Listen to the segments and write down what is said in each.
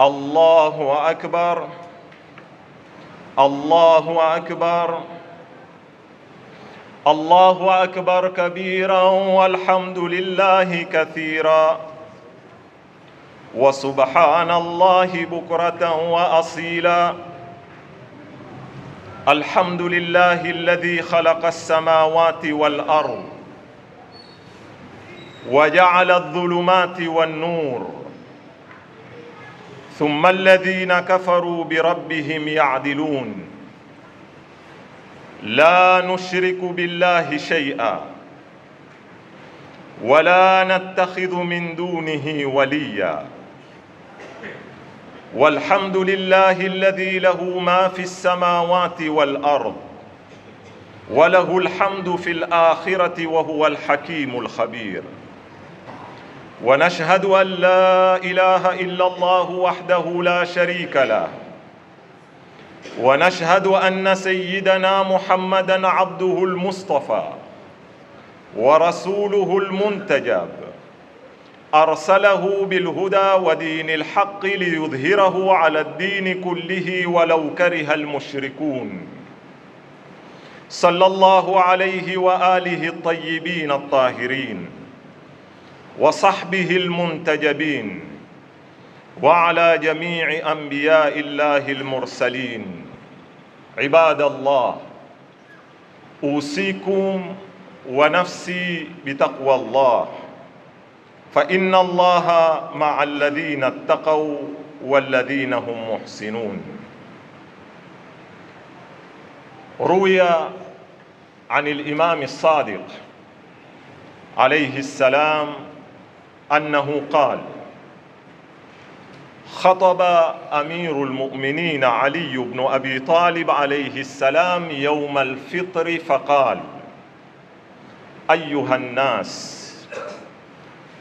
الله أكبر الله أكبر الله أكبر كبيرا والحمد لله كثيرا وسبحان الله بكرة وأصيلا الحمد لله الذي خلق السماوات والأرض وجعل الظلمات والنور ثم الذين كفروا بربهم يعدلون لا نشرك بالله شيئا ولا نتخذ من دونه وليا والحمد لله الذي له ما في السماوات والارض وله الحمد في الاخره وهو الحكيم الخبير ونشهد أن لا إله إلا الله وحده لا شريك له ونشهد أن سيدنا محمدا عبده المصطفى ورسوله المنتجب أرسله بالهدى ودين الحق ليظهره على الدين كله ولو كره المشركون صلى الله عليه وآله الطيبين الطاهرين وصحبه المنتجبين وعلى جميع أنبياء الله المرسلين عباد الله أوصيكم ونفسي بتقوى الله فإن الله مع الذين اتقوا والذين هم محسنون روي عن الإمام الصادق عليه السلام أنه قال خطب أمير المؤمنين علي بن أبي طالب عليه السلام يوم الفطر فقال أيها الناس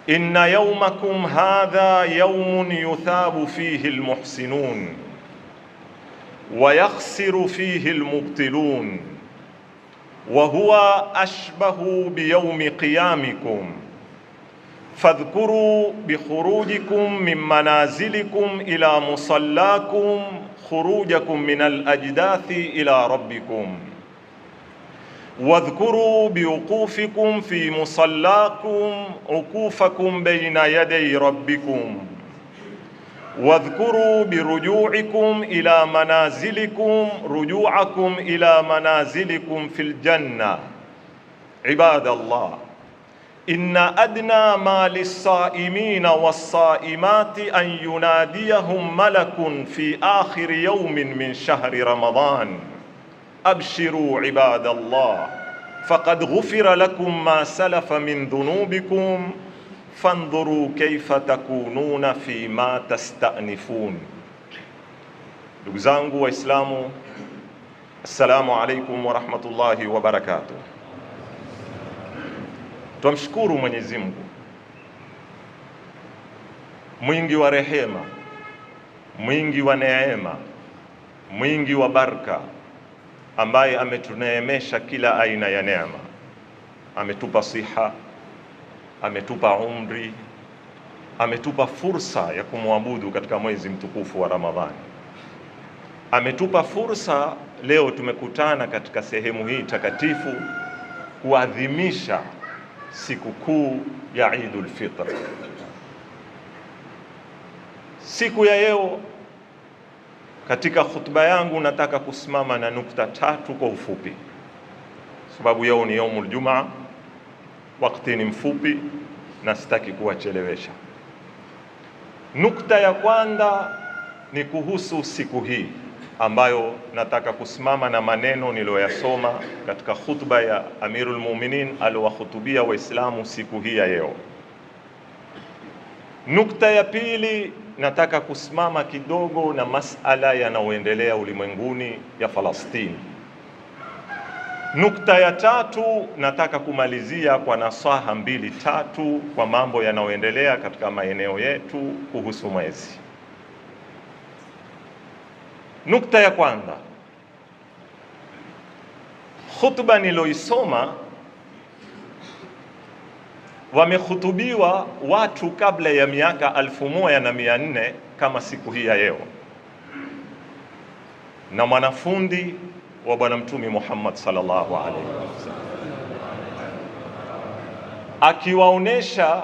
إن يومكم هذا يوم يثاب فيه المحسنون ويخسر فيه المبطلون وهو أشبه بيوم قيامكم فاذكروا بخروجكم من منازلكم إلى مصلاكم خروجكم من الأجداث إلى ربكم واذكروا بوقوفكم في مصلاكم وقوفكم بين يدي ربكم واذكروا برجوعكم إلى منازلكم رجوعكم إلى منازلكم في الجنة عباد الله إن أدنى ما للصائمين والصائمات أن يناديهم ملك في آخر يوم من شهر رمضان أبشروا عباد الله فقد غفر لكم ما سلف من ذنوبكم فانظروا كيف تكونون فيما تستأنفون دوزانغو وإسلامو السلام عليكم ورحمة الله وبركاته Twamshukuru Mwenyezi Mungu mwingi wa rehema, mwingi wa neema, mwingi wa baraka, ambaye ametuneemesha kila aina ya neema. Ametupa siha, ametupa umri, ametupa fursa ya kumwabudu katika mwezi mtukufu wa Ramadhani, ametupa fursa leo tumekutana katika sehemu hii takatifu kuadhimisha sikukuu ya Eidul Fitr. Siku ya leo, katika khutba yangu nataka kusimama na nukta tatu kwa ufupi, sababu yao ni yaumul Jumaa, wakati ni mfupi na sitaki kuwachelewesha. Nukta ya kwanza ni kuhusu siku hii ambayo nataka kusimama na maneno niliyoyasoma katika khutba ya Amirul Mu'minin aliowahutubia Waislamu siku hii ya leo. Nukta ya pili, nataka kusimama kidogo na masala yanayoendelea ulimwenguni ya Falastini. Nukta ya tatu, nataka kumalizia kwa nasaha mbili tatu kwa mambo yanayoendelea katika maeneo yetu kuhusu mwezi Nukta ya kwanza, khutba niloisoma wamehutubiwa watu kabla ya miaka alfu moja na mia nne kama siku hii ya leo, na mwanafundi wa Bwana Mtume Muhammad sallallahu alaihi wasallam akiwaonesha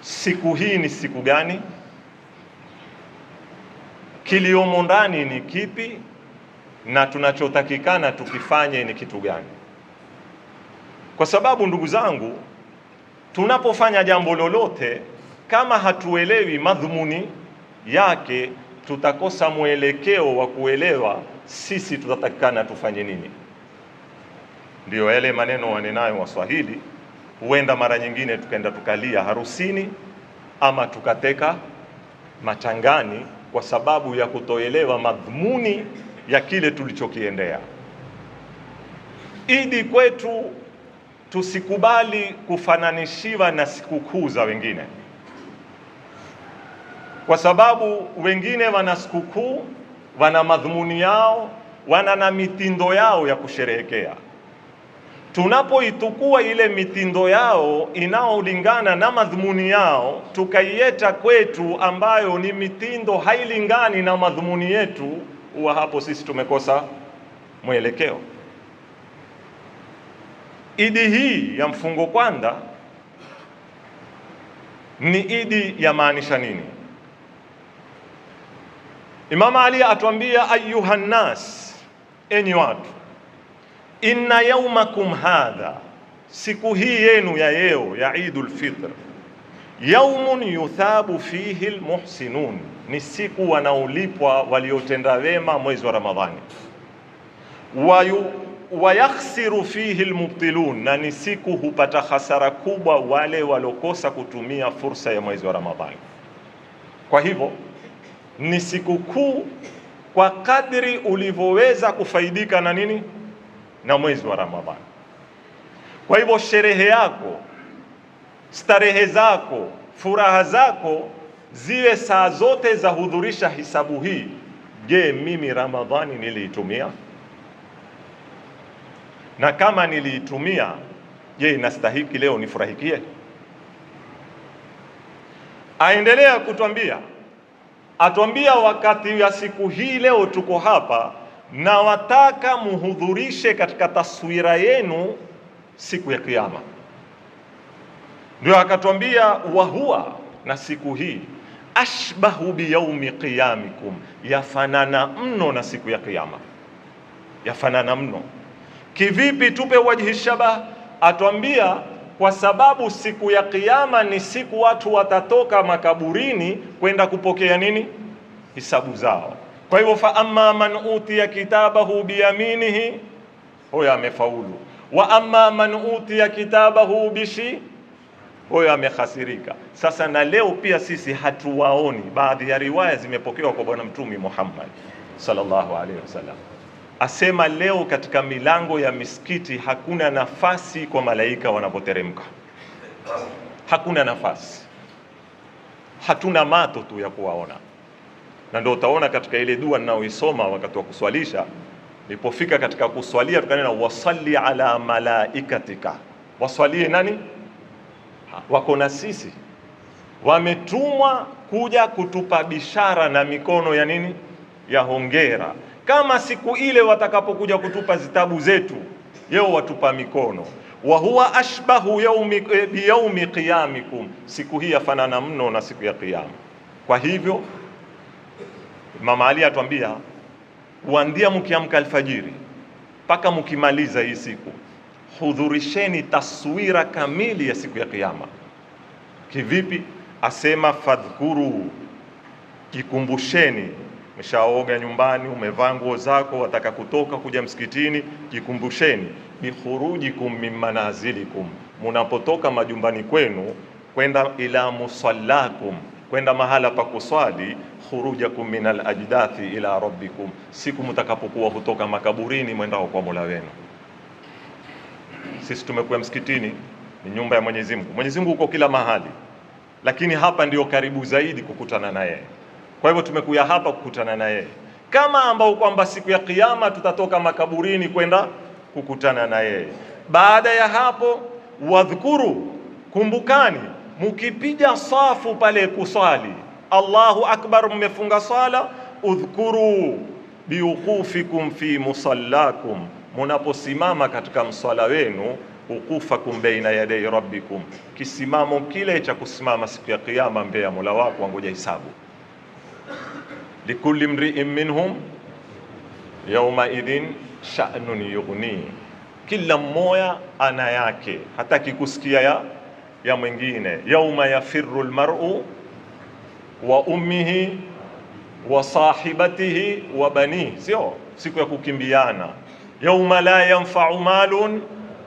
siku hii ni siku gani kiliomo ndani ni kipi na tunachotakikana tukifanye ni kitu gani. Kwa sababu ndugu zangu, tunapofanya jambo lolote kama hatuelewi madhumuni yake, tutakosa mwelekeo wa kuelewa sisi tutatakikana tufanye nini. Ndiyo yale maneno wanenayo Waswahili, huenda mara nyingine tukaenda tukalia harusini ama tukateka machangani kwa sababu ya kutoelewa madhumuni ya kile tulichokiendea. Idi kwetu tusikubali kufananishiwa na sikukuu za wengine, kwa sababu wengine wana sikukuu, wana madhumuni yao, wana na mitindo yao ya kusherehekea tunapoitukua ile mitindo yao inaolingana na madhumuni yao tukaieta kwetu, ambayo ni mitindo hailingani na madhumuni yetu, huwa hapo sisi tumekosa mwelekeo. Idi hii ya mfungo kwanza ni idi ya maanisha nini? Imam Ali atuambia, ayuhannas enyi watu inna yaumakum hadha, siku hii yenu ya yeo ya Idul Fitr, yaumun yuthabu fihi almuhsinun, ni siku wanaolipwa waliotenda wema mwezi wa Ramadhani. Wayakhsiru fihi almubtilun, na ni siku hupata hasara kubwa wale walokosa kutumia fursa ya mwezi wa Ramadhani. Kwa hivyo ni siku kuu kwa kadri ulivyoweza kufaidika na nini na mwezi wa Ramadhani. Kwa hivyo sherehe yako, starehe zako, furaha zako ziwe saa zote za hudhurisha hisabu hii. Je, mimi Ramadhani niliitumia? Na kama niliitumia, je, inastahiki leo nifurahikie? Aendelea kutwambia, atwambia wakati ya siku hii leo tuko hapa na wataka muhudhurishe katika taswira yenu siku ya Kiyama. Ndio akatwambia wahuwa, na siku hii ashbahu biyaumi qiyamikum, yafanana mno na siku ya Kiyama, yafanana mno. Kivipi? Tupe wajhi shaba, Atwambia kwa sababu siku ya Kiyama ni siku watu watatoka makaburini kwenda kupokea nini, hisabu zao kwa hivyo fa amma man utiya kitabahu biyaminihi, huyo amefaulu. Wa amma man utiya kitabahu bishi, huyo amekhasirika Sasa na leo pia sisi hatuwaoni, baadhi ya riwaya zimepokewa kwa Bwana Mtume Muhammad sallallahu alaihi wasallam asema leo katika milango ya misikiti hakuna nafasi kwa malaika wanapoteremka, hakuna nafasi. Hatuna mato tu ya kuwaona na ndio utaona katika ile dua ninayoisoma wakati wa kuswalisha, nilipofika katika kuswalia na wasalli ala malaikatika, waswalie nani wako na sisi, wametumwa kuja kutupa bishara na mikono ya nini ya hongera, kama siku ile watakapokuja kutupa zitabu zetu, yeo watupa mikono wa huwa ashbahu yaumi eh, biyaumi qiyamikum, siku hii yafanana mno na siku ya Kiyama. Kwa hivyo Mama Ali atuambia kuanzia mkiamka alfajiri mpaka mkimaliza hii siku, hudhurisheni taswira kamili ya siku ya Kiyama. Kivipi? Asema fadhkuru, jikumbusheni. Umeshaoga nyumbani, umevaa nguo zako, wataka kutoka kuja msikitini, jikumbusheni bikhurujikum min manazilikum, munapotoka majumbani kwenu kwenda ila musallakum kwenda mahala pa kuswali, khurujakum min ajdathi ila rabbikum, siku mtakapokuwa hutoka makaburini mwendao kwa Mola wenu. Sisi tumekuwa msikitini, ni nyumba ya Mwenyezi Mungu. Mwenyezi Mungu uko kila mahali, lakini hapa ndio karibu zaidi kukutana na yeye. Kwa hivyo tumekuja hapa kukutana na yeye, kama ambao kwamba siku ya Kiyama tutatoka makaburini kwenda kukutana na yeye. Baada ya hapo, wadhkuru, kumbukani Mkipiga safu pale kuswali, Allahu akbar, mmefunga swala, udhkuru biwuqufikum fi musallakum, munaposimama katika mswala wenu wuqufakum baina yadai rabbikum, kisimamo kile cha kusimama siku ya Kiyama mbele ya mola wako angoja hisabu. Likulli mriin minhum yawma idhin sha'nun yughni, kila mmoja ana yake, hata kikusikia ya ya mwingine, yauma yafiru lmaru wa ummihi wa sahibatihi wa bani, sio siku ya kukimbiana. Yauma la yanfau malun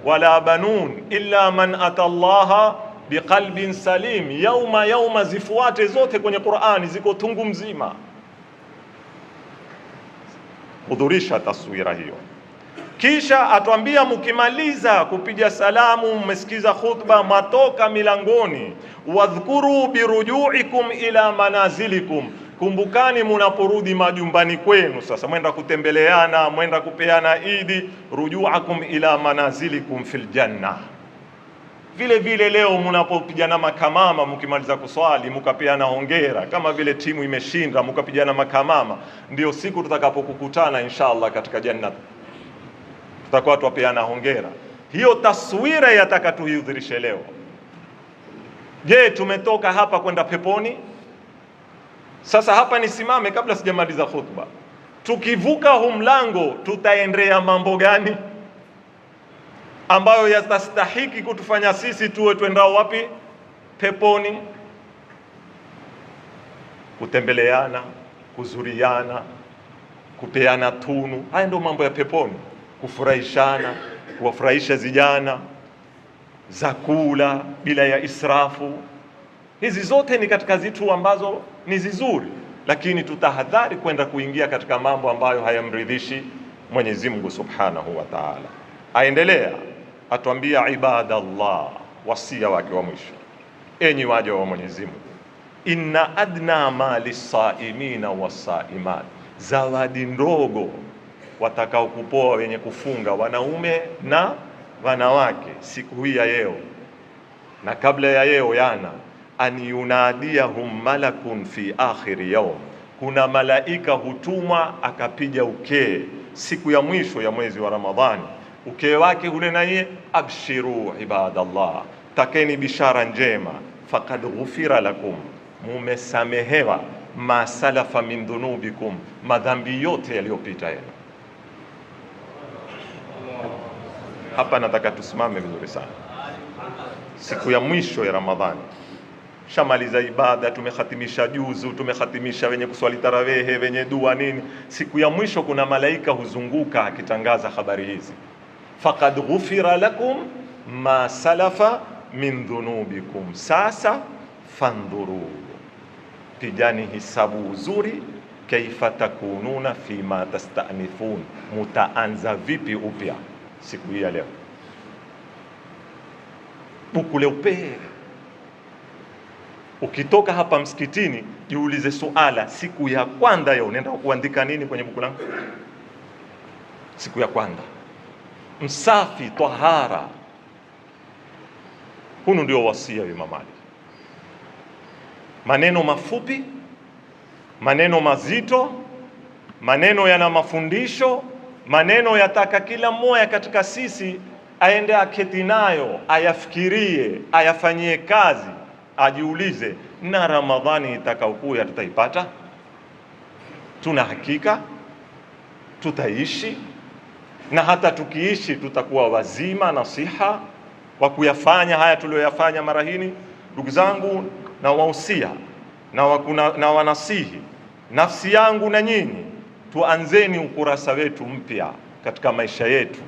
wala banun illa man ata llaha biqalbin salim. Yauma, yauma zifuate zote kwenye Qur'ani, ziko tungu mzima hudhurisha taswira hiyo. Kisha atwambia mkimaliza kupiga salamu, mmesikiza khutba, matoka milangoni, wadhkuru birujuikum ila manazilikum, kumbukani munaporudi majumbani kwenu. Sasa mwenda kutembeleana, mwenda kupeana idi, rujuakum ila manazilikum fil janna. Vile vile leo munapopigana makamama, mkimaliza kuswali mukapeana hongera, kama vile timu imeshinda, mukapigana makamama, ndio siku tutakapokukutana inshallah katika janna tutakuwa twapeana hongera. Hiyo taswira yataka tuidhirishe leo. Je, tumetoka hapa kwenda peponi? Sasa hapa nisimame kabla sijamaliza khutba. Tukivuka huu mlango tutaendea mambo gani ambayo yatastahiki kutufanya sisi tuwe twendao wapi? Peponi. Kutembeleana, kuzuriana, kupeana tunu, haya ndio mambo ya peponi kufurahishana, kuwafurahisha vijana, kula bila ya israfu. Hizi zote ni katika zitu ambazo ni zizuri, lakini tutahadhari kwenda kuingia katika mambo ambayo hayamridhishi Mwenyezi Mungu Subhanahu wa Ta'ala. Aendelea atuambia, ibadallah, wasia wake wa mwisho, enyi waja wa Mwenyezi Mungu, inna adna ma lisaimina wasaimat, zawadi ndogo watakaokupoa wenye kufunga wanaume na wanawake siku hii ya leo na kabla ya leo, yana an yunadiahum malakun fi akhiri yaum, kuna malaika hutumwa akapiga ukee siku ya mwisho ya mwezi wa Ramadhani. Ukee wake hule naye, abshiru ibadallah, takeni bishara njema, fakad ghufira lakum, mumesamehewa masalafa min dhunubikum, madhambi yote yaliyopita yenu Hapa nataka tusimame vizuri sana. Siku ya mwisho ya Ramadhani shamaliza ibada, tumehatimisha juzu, tumehatimisha wenye kuswali tarawehe, wenye dua nini. Siku ya mwisho kuna malaika huzunguka akitangaza habari hizi, faqad ghufira lakum ma salafa min dhunubikum, sasa fandhuru, pijani hisabu uzuri kaifa takununa fima tastanifun mutaanza vipi upya siku hii ya leo. Buku leupe. Ukitoka hapa msikitini, jiulize suala, siku ya kwanza yo unaenda kuandika nini kwenye buku langu? Siku ya kwanza, msafi, twahara Hunu ndio wasia wa Imam Ali, maneno mafupi, maneno mazito, maneno yana mafundisho maneno yataka kila mmoja katika sisi aende aketi nayo, ayafikirie, ayafanyie kazi, ajiulize, na Ramadhani itakaokuja tutaipata? Tuna hakika tutaishi? Na hata tukiishi tutakuwa wazima na siha wa kuyafanya haya tuliyoyafanya mara hini? Ndugu zangu, na wausia na, na wanasihi nafsi yangu na nyinyi tuanzeni ukurasa wetu mpya katika maisha yetu,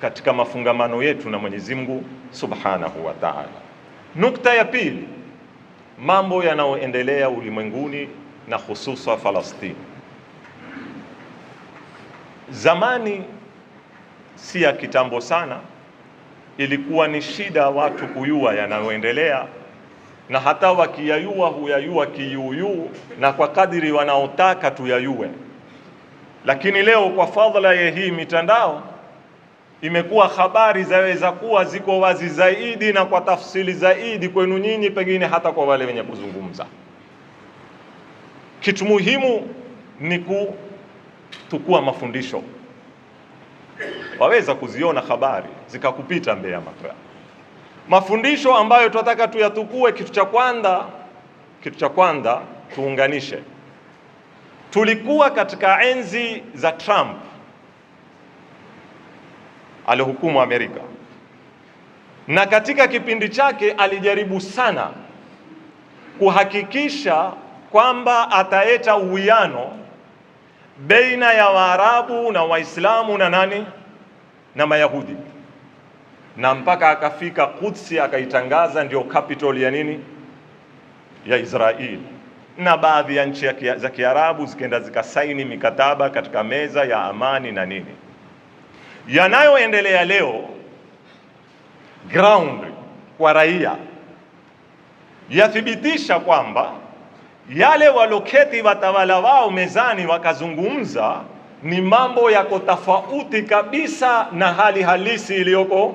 katika mafungamano yetu na Mwenyezi Mungu Subhanahu wa Ta'ala. Nukta ya pili, mambo yanayoendelea ulimwenguni na hususa Falastini. Zamani si ya kitambo sana, ilikuwa ni shida watu kuyua yanayoendelea, na hata wakiyayua huyayua kiyuyuu, na kwa kadiri wanaotaka tuyayue lakini leo kwa fadhila ya hii mitandao imekuwa habari zaweza kuwa ziko wazi zaidi na kwa tafsiri zaidi kwenu nyinyi, pengine hata kwa wale wenye kuzungumza. Kitu muhimu ni kutukua mafundisho. Waweza kuziona habari zikakupita mbele ya macho yako. Mafundisho ambayo tunataka tuyatukue, kitu cha kwanza, kitu cha kwanza tuunganishe Tulikuwa katika enzi za Trump alihukumu Amerika, na katika kipindi chake alijaribu sana kuhakikisha kwamba ataeta uwiano baina ya Waarabu na Waislamu na nani na Mayahudi, na mpaka akafika Kudsi akaitangaza ndio capital ya nini ya Israeli na baadhi ya nchi za Kiarabu zikaenda zikasaini mikataba katika meza ya amani na nini. Yanayoendelea leo ground kwa raia yathibitisha kwamba yale waloketi watawala wao mezani wakazungumza ni mambo yako tofauti kabisa na hali halisi iliyoko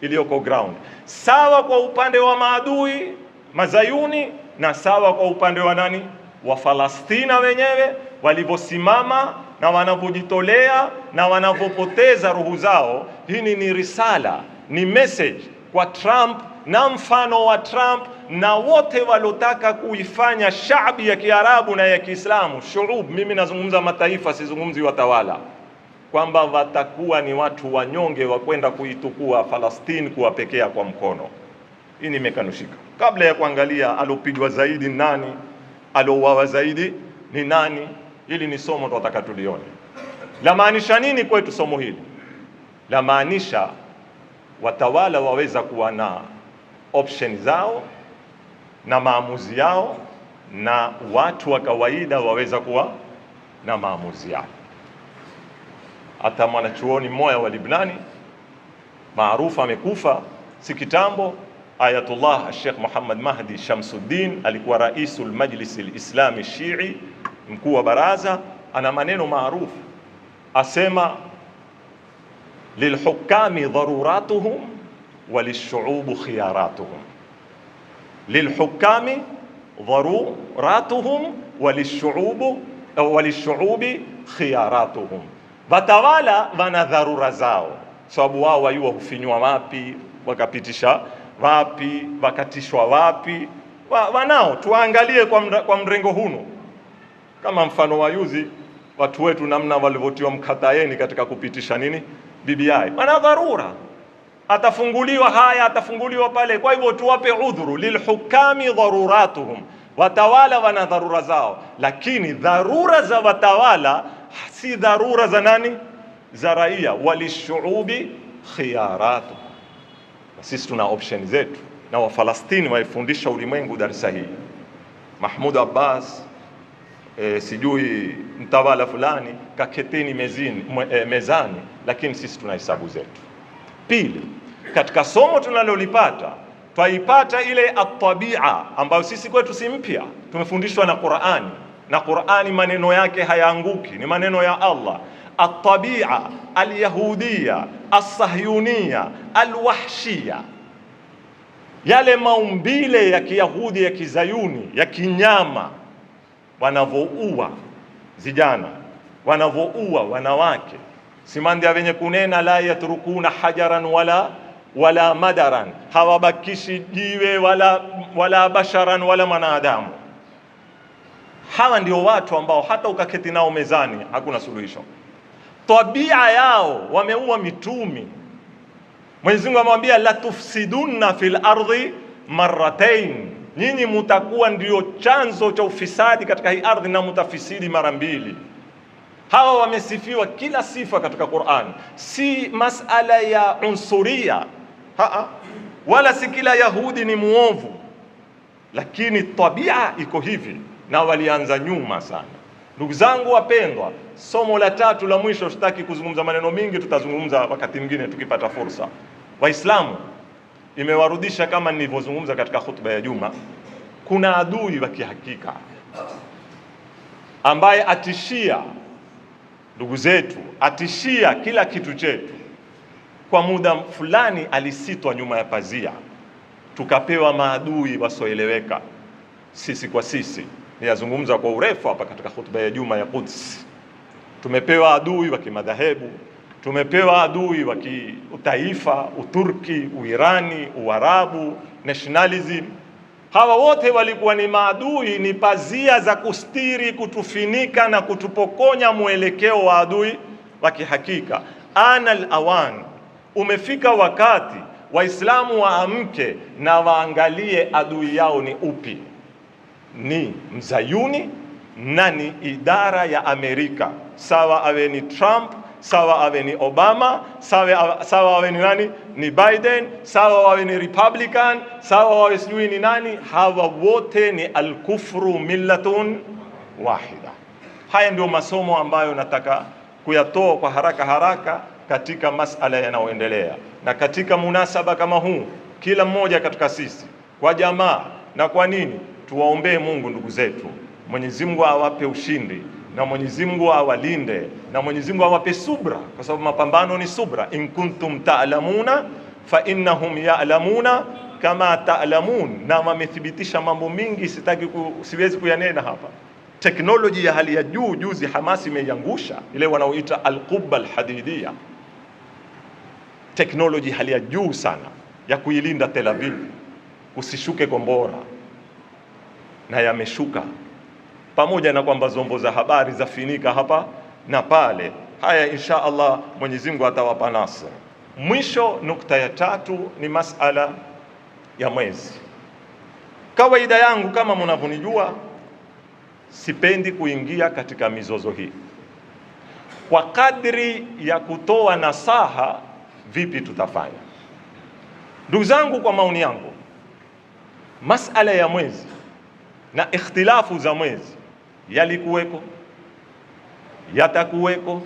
iliyoko ground. Sawa kwa upande wa maadui mazayuni na sawa kwa upande wa nani, wa Falastina wenyewe walivyosimama na wanavyojitolea na wanavyopoteza roho zao. Hii ni risala, ni message kwa Trump na mfano wa Trump na wote walotaka kuifanya shabi ya Kiarabu na ya Kiislamu, shuub, mimi nazungumza mataifa, sizungumzi watawala, kwamba watakuwa ni watu wanyonge wa kwenda kuitukua Falastini kuwapekea kwa mkono. Hii nimekanushika kabla ya kuangalia alopigwa zaidi nani, alouawa zaidi ni nani. Hili ni somo tunataka tulione. Lamaanisha nini kwetu somo hili? Lamaanisha watawala waweza kuwa na option zao na maamuzi yao, na watu wa kawaida waweza kuwa na maamuzi yao. Hata mwanachuoni mmoja wa Libnani maarufu amekufa si kitambo Ayatullah Sheikh Muhammad Mahdi Shamsuddin alikuwa raisul majlisi lislami shii, mkuu wa baraza. Ana maneno maarufu asema, lilhukami dharuratuhum walishuubu khiyaratuhum, lilhukami dharuratuhum walishuubu walishuubi khiyaratuhum, watawala wana dharura zao, sababu wao wayuwa hufinywa wapi wakapitisha wapi, wakatishwa wapi, wa, wanao tuwaangalie kwa, mra, kwa mrengo huno, kama mfano wa yuzi watu wetu namna walivyotiwa mkatayeni katika kupitisha nini BBI, wana dharura, atafunguliwa haya, atafunguliwa pale. Kwa hivyo tuwape udhuru, lilhukami dharuratuhum, watawala wana dharura zao, lakini dharura za watawala si dharura za nani, za raia, walishuubi khiyaratuhum sisi tuna option zetu, na Wafalastini waifundisha ulimwengu darsa hii. Mahmud Abbas e, sijui mtawala fulani kaketeni mezini, e, mezani, lakini sisi tuna hesabu zetu. Pili, katika somo tunalolipata twaipata ile atabia ambayo sisi kwetu si mpya, tumefundishwa na Qur'ani, na Qur'ani maneno yake hayaanguki, ni maneno ya Allah atabia alyahudia alsahyunia alwahshia, yale maumbile ya kiyahudi ya kizayuni ya kinyama, wanavouwa vijana, wanavouwa wanawake, Simandia wenye kunena la yatrukuna hajaran wala wala madaran, hawabakishi jiwe wala, wala basharan wala mwanadamu. Hawa ndio watu ambao hata ukaketi nao mezani hakuna suluhisho tabia yao, wameua mitume. Mwenyezi Mungu la tufsiduna fil ardhi marratain, nyinyi mutakuwa ndio chanzo cha ufisadi katika hii ardhi na mutafisidi mara mbili. Hawa wamesifiwa kila sifa katika Qur'an, si masala ya unsuria -ha. wala si kila Yahudi ni muovu, lakini tabia iko hivi, na walianza nyuma sana. Ndugu zangu wapendwa, somo la tatu la mwisho, sitaki kuzungumza maneno mingi, tutazungumza wakati mwingine tukipata fursa. Waislamu imewarudisha kama nilivyozungumza katika hutuba ya Juma, kuna adui wa kihakika ambaye atishia ndugu zetu, atishia kila kitu chetu. Kwa muda fulani alisitwa nyuma ya pazia, tukapewa maadui wasoeleweka sisi kwa sisi niyazungumza kwa urefu hapa katika hutuba ya Juma ya Quds. Tumepewa adui wa kimadhahebu, tumepewa adui wa kiutaifa, Uturki, Uirani, Uarabu, nationalism. Hawa wote walikuwa ni maadui, ni pazia za kustiri, kutufinika na kutupokonya mwelekeo wa adui wa kihakika. Anal awan, umefika wakati Waislamu waamke na waangalie adui yao ni upi ni mzayuni na ni idara ya Amerika, sawa awe ni Trump, sawa awe ni Obama, sawa, sawa awe ni nani, ni Biden, sawa awe ni Republican, sawa awe sijui ni nani, hawa wote ni alkufru millatun wahida. Haya ndio masomo ambayo nataka kuyatoa kwa haraka haraka katika masala yanayoendelea, na katika munasaba kama huu, kila mmoja katika sisi kwa jamaa na kwa nini tuwaombee Mungu ndugu zetu, Mwenyezi Mungu awape ushindi na Mwenyezi Mungu awalinde na Mwenyezi Mungu awape subra, kwa sababu mapambano ni subra. In kuntum ta'lamuna fa innahum ya'lamuna kama ta'lamun, na wamethibitisha mambo mingi, sitaki ku, siwezi kuyanena hapa. Teknoloji ya hali ya juu, juzi Hamas imeiangusha ile wanaoita alquba alhadidia, teknoloji hali ya juu sana ya kuilinda Tel Aviv kusishuke kombora na yameshuka, pamoja na kwamba zombo za habari zafinika hapa na pale. Haya, insha Allah Mwenyezi Mungu atawapa nasr. Mwisho, nukta ya tatu ni masala ya mwezi. Kawaida yangu kama mnavyonijua, sipendi kuingia katika mizozo hii kwa kadri ya kutoa nasaha vipi tutafanya. Ndugu zangu, kwa maoni yangu, masala ya mwezi na ikhtilafu za mwezi yalikuweko, yatakuweko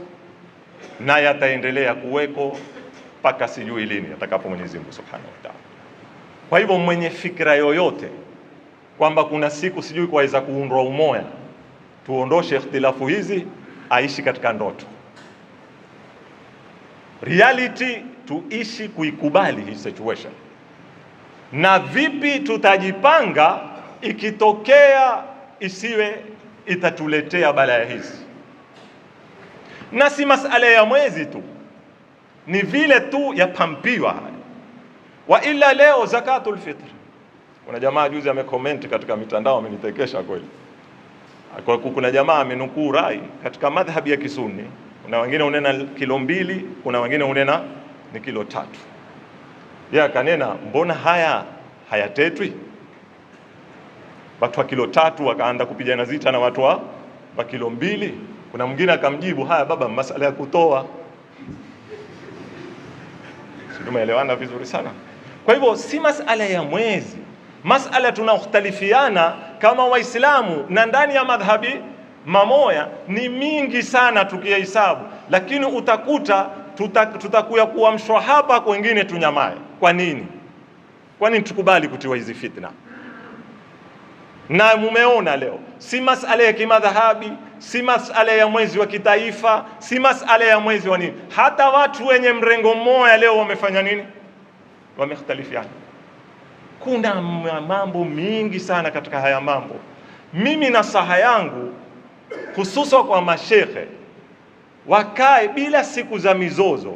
na yataendelea kuweko mpaka sijui lini atakapo Mwenyezi Mungu Subhanahu wa Ta'ala. Kwa hivyo mwenye fikra yoyote kwamba kuna siku sijui kwaweza kuundwa umoja, tuondoshe ikhtilafu hizi, aishi katika ndoto. Reality tuishi kuikubali hii situation, na vipi tutajipanga ikitokea isiwe itatuletea balaa hizi, na si masala ya mwezi tu, ni vile tu yapambiwa Wa ila leo zakatul fitr, kuna jamaa juzi amekomenti katika mitandao amenitekesha kweli. Kuna jamaa amenukuu rai katika madhhabi ya Kisuni, kuna wengine unena kilo mbili, kuna wengine unena ni kilo tatu. Yeye akanena mbona haya hayatetwi? watu wa kilo tatu wakaanza kupigana zita na watu wa, wa kilo mbili. Kuna mwingine akamjibu, haya baba, masala ya kutoa. Tumeelewana vizuri sana. Kwa hivyo si masala ya mwezi, masala tunaokhtalifiana kama Waislamu na ndani ya madhhabi mamoya ni mingi sana tukiyahesabu, lakini utakuta tutakuya kuwa hapa wengine tunyamaye. Kwa nini? Kwa nini tukubali kutiwa hizi fitna? na mumeona leo, si masala ya kimadhahabi, si masala ya mwezi wa kitaifa, si masala ya mwezi wa nini. Hata watu wenye mrengo mmoja leo wamefanya nini? Wamehtalifiana. Kuna mambo mingi sana katika haya mambo. Mimi nasaha yangu hususa kwa mashekhe, wakae bila siku za mizozo,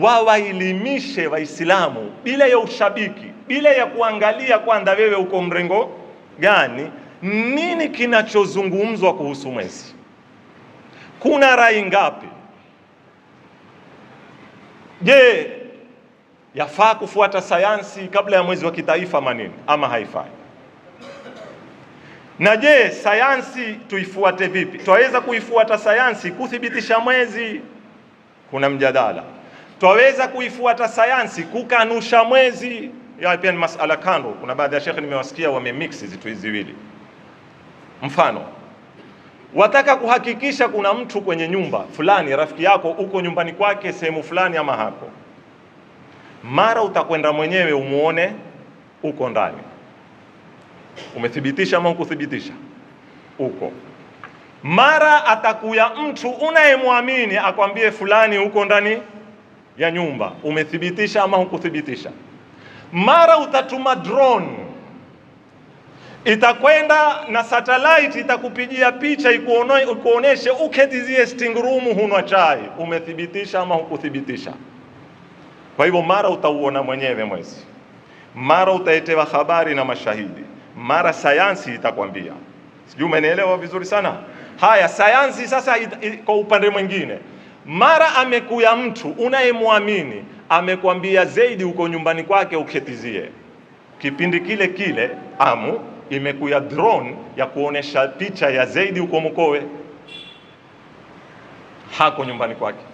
wawaelimishe Waislamu bila ya ushabiki, bila ya kuangalia kwanza wewe uko mrengo gani? Nini kinachozungumzwa kuhusu mwezi? Kuna rai ngapi? Je, yafaa kufuata sayansi kabla ya mwezi wa kitaifa manini ama haifai? Na je, sayansi tuifuate vipi? Twaweza kuifuata sayansi kuthibitisha mwezi? Kuna mjadala. Twaweza kuifuata sayansi kukanusha mwezi? Yaani pia ni masala kando. Kuna baadhi ya shekhe nimewasikia wamemix hizi tu Mfano, wataka kuhakikisha kuna mtu kwenye nyumba fulani, rafiki yako uko nyumbani kwake sehemu fulani ama hapo, mara utakwenda mwenyewe umuone uko ndani, umethibitisha ama ukuthibitisha uko mara atakuya mtu unayemwamini akwambie fulani huko ndani ya nyumba, umethibitisha ama hukuthibitisha? mara utatuma drone itakwenda na satellite itakupigia picha ikuoneshe uketizie sting room hunwa chai, umethibitisha ama hukuthibitisha. Kwa hivyo mara utauona mwenyewe mwezi, mara utaetewa habari na mashahidi, mara sayansi itakwambia. Sijui umenielewa vizuri sana. Haya, sayansi sasa, kwa upande mwingine, mara amekuya mtu unayemwamini amekwambia Zaidi uko nyumbani kwake uketizie Kipindi kile kile amu imekuya drone ya kuonesha picha ya Zaidi uko Mkowe, hako nyumbani kwake.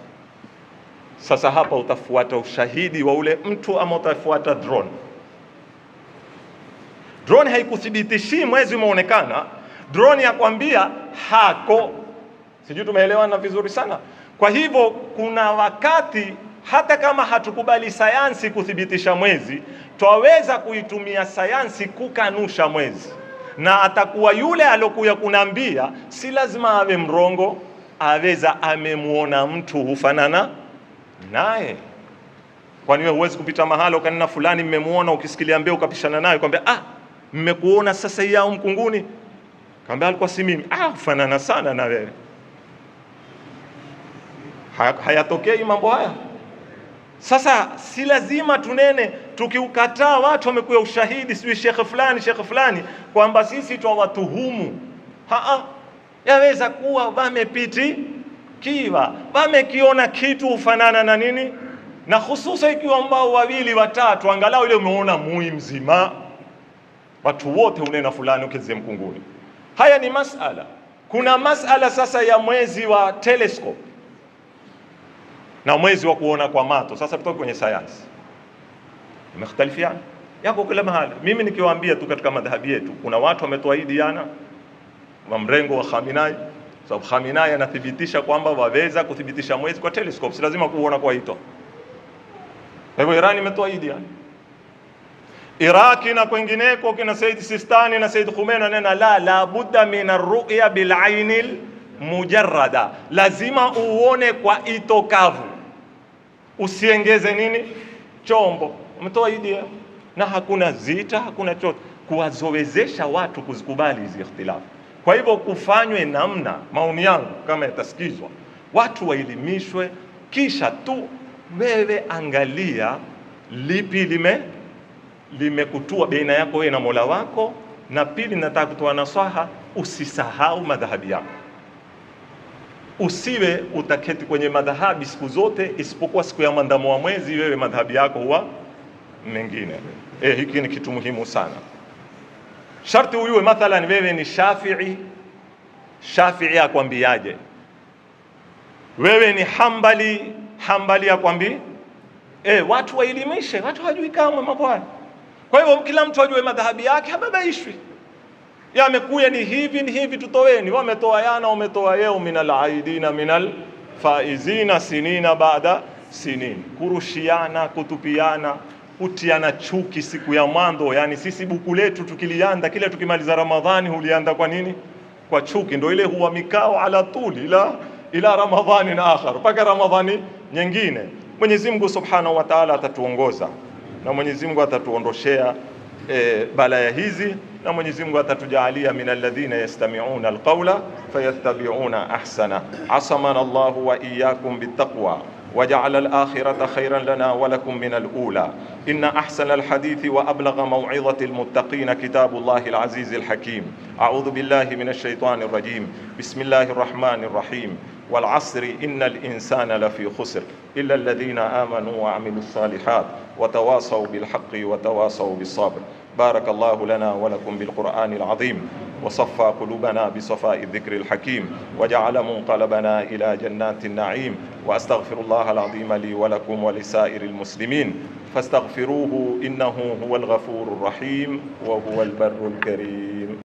Sasa hapa utafuata ushahidi wa ule mtu ama utafuata drone? Drone haikuthibitishii mwezi umeonekana, drone yakwambia hako. Sijui tumeelewana vizuri sana. Kwa hivyo kuna wakati hata kama hatukubali sayansi kuthibitisha mwezi, twaweza kuitumia sayansi kukanusha mwezi, na atakuwa yule alokuya kunambia, si lazima awe mrongo, aweza amemuona mtu hufanana naye. Kwani wewe huwezi kupita mahali ukanena fulani mmemuona, ukisikilia mbeo ukapishana naye kwambia ah, mmekuona sasa hii au mkunguni? Kaambia alikuwa si mimi. Ah, fanana sana na wewe. Hayatokei mambo haya. Sasa si lazima tunene tukiukataa. Watu wamekuya ushahidi, sijui shekhe fulani shekhe fulani, kwamba sisi twawatuhumu. Haa, yaweza kuwa wamepiti kiwa wamekiona kitu ufanana na nini, na hususa ikiwa mbao wawili watatu, angalau ile umeona mui mzima, watu wote unena fulani ukizie mkunguni. Haya ni masala. Kuna masala sasa ya mwezi wa telescope na mwezi wa kuona kwa mato. Sasa tutoke kwenye sayansi, imekhtalifiana yako kila mahali. Mimi nikiwaambia tu katika madhhabi yetu kuna watu wametoaidi jana wa mrengo wa Khamenei, sababu so, Khamenei anathibitisha kwamba waweza kuthibitisha mwezi kwa telescope, si lazima kuona kwa hito. Kwa hivyo Iran imetoaidi yani Iraki na kwengineko kina Said Sistani na Said Khumena nena la la budda min arru'ya bil mujarrada, lazima uone kwa itokavu usiengeze nini chombo. Umetoa idea eh? na hakuna zita, hakuna chote, kuwazowezesha watu kuzikubali hizi ikhtilafu. Kwa hivyo kufanywe namna, maoni yangu kama yatasikizwa, watu waelimishwe, kisha tu wewe angalia lipi lime limekutua baina yako wewe na Mola wako, na pili, nataka kutoa nasaha, usisahau madhahabi yako usiwe utaketi kwenye madhahabi siku zote, isipokuwa siku ya mwandamo wa mwezi, wewe madhahabi yako huwa mengine. Eh, hiki ni kitu muhimu sana. Sharti uyuwe mathalan, wewe ni Shafii. Shafii akwambiaje? Wewe ni Hambali. Hambali akwambi Eh, watu waelimishe watu, hajui kamwe mambo haya. Kwa hivyo kila mtu ajue madhahabi yake, hababaishwi yamekuja ni hivi ni hivi, tutoweni. Wametoa yana wametoa yeo minal aidina minal faizina sinina baada sinin, kurushiana, kutupiana, kutiana chuki siku ya mwanzo. Yani sisi buku letu tukilianda kila tukimaliza Ramadhani hulianda kwa nini? Kwa chuki. Ndio ile huwa mikao ala tuli ila ila Ramadhani na akhar, mpaka Ramadhani nyingine. Mwenyezi Mungu Subhanahu wa Ta'ala atatuongoza na Mwenyezi Mungu atatuondoshea e, eh, balaya hizi, na Mwenyezi Mungu atatujalia min alladhina yastami'una alqawla fayattabi'una ahsana. Asamana Allahu wa iyyakum bittaqwa وجعل الآخرة خيرا لنا ولكم من الأولى إن أحسن الحديث وأبلغ موعظة المتقين كتاب الله العزيز الحكيم أعوذ بالله من الشيطان الرجيم بسم الله الرحمن الرحيم والعصر إن الإنسان لفي خسر إلا الذين آمنوا وعملوا الصالحات وتواصوا بالحق وتواصوا بالصبر بارك الله لنا ولكم بالقرآن العظيم وصفى قلوبنا بصفاء الذكر الحكيم وجعل منقلبنا إلى جنات النعيم وأستغفر الله العظيم لي ولكم ولسائر المسلمين فاستغفروه إنه هو الغفور الرحيم وهو البر الكريم